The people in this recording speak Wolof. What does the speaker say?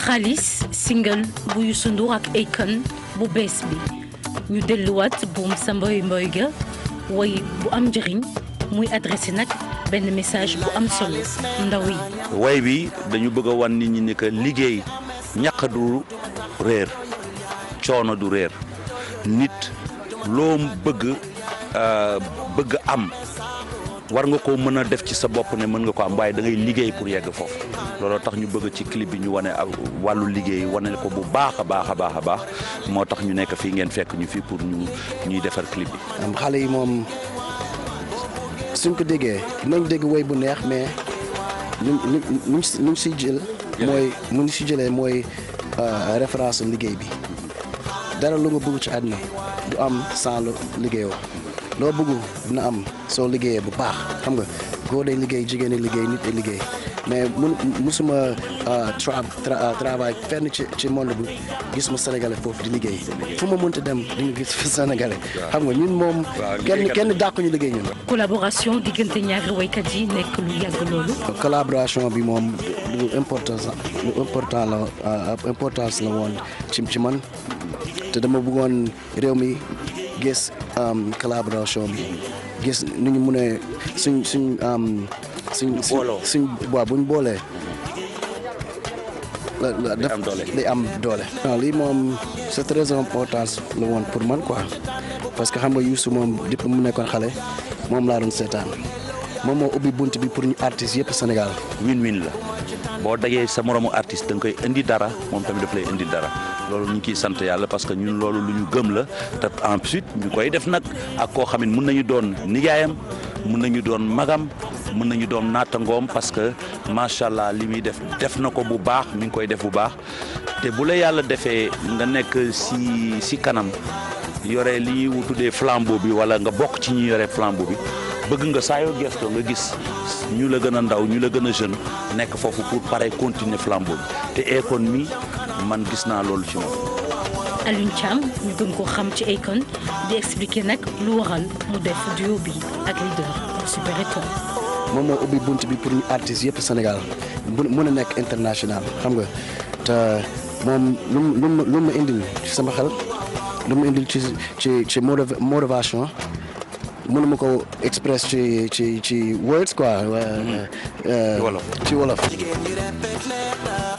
xaalis single bu Youssou Ndour ak Akon bu bees bi ñu delluwaat buum sa mboy mboy ga woy bu am njëriñ muy adressé nag benn message bu am solo ndaw yi. way bi dañu bëgg a wan nit ñi ni que liggéey ñaq du réer coono du réer nit loo bëgg euh, am. war nga koo mën a def ci sa bopp ne mën nga ko am waaye da ngay liggéey pour yegg foofu looloo tax ñu bëgg ci clip bi ñu wane wàllu liggéey wane ko bu baax a baax a baax a baax moo tax ñu nekk fii ngeen fekk ñu fii pour ñu ñuy defar clip bi. xale yi moom suñ ko déggee dinañ dégg woy bu neex mais ñu ñu ñu si jël. mooy mu ñu si jëlee mooy euh, référence liggéey bi dara lu nga bëgg ci àdduna du am sans lu liggéeyoo. loo bëgg dina am soo liggéeyee bu baax xam nga góor day liggéey jigéene liggéey nit day liggéey mais mun musuma euh, euh, travail fenn ci ci monde bi gis ma sénégalais foofu di liggéey fu ma mënta dem di nga gis fa sénégalais xam nga ñun moom kenn kenn dàqu liggéey ñun collaboration diggante ñaari waykat yi nekk lu yàgg loolu collaboration bi moom lu importance lu important la euh, importance la woon cim ci man te dama bëggoon réew mi gis um, collaboration bi gis nu ñu mun ne suñ suñ um, suñ suñ bu ñu boolee day am doole lii moom c'est très important la woon pour man quoi parce que xam nga Youssou moom depuis mu nekkoon xale moom laa doon seetaan moom moo ubbi bunt bi pour ñu artistes yëpp Sénégal. win-win la boo dajee sa moroomu artiste da nga koy indi dara moom tamit daf lay indi dara loolu ñu ngi sant yàlla parce que ñun loolu lu ñu gëm la te ensuite ñu koy def nag ak koo xam ne mun nañu doon nijaayam mun nañu doon magam. mën nañu doom ngoom parce que macha allah li muy def def na ko bu baax mu ngi koy def bu baax te bu la yàlla defee nga nekk si si kanam yore li ñuy tuddee flambeau bi wala nga bokk ci ñu yore flambeau bi. bëgg nga saa yoo gestu nga gis ñu la gën a ndaw ñu la gën a jeune nekk foofu pour pare continuer flambeau te économie man gis naa loolu ci moom. koo xam ci Akon di nag lu def duo moo ubbi bunt bi pour ñu artistes yëpp Sénégal bu mën a nekk international xam nga te moom lu mu lu mu indil ci sama xel lu mu indil ci ci ci motivation mënuma ko express ci ci ci words quoi. Mm-hmm. Euh, euh, wolof ci wolof.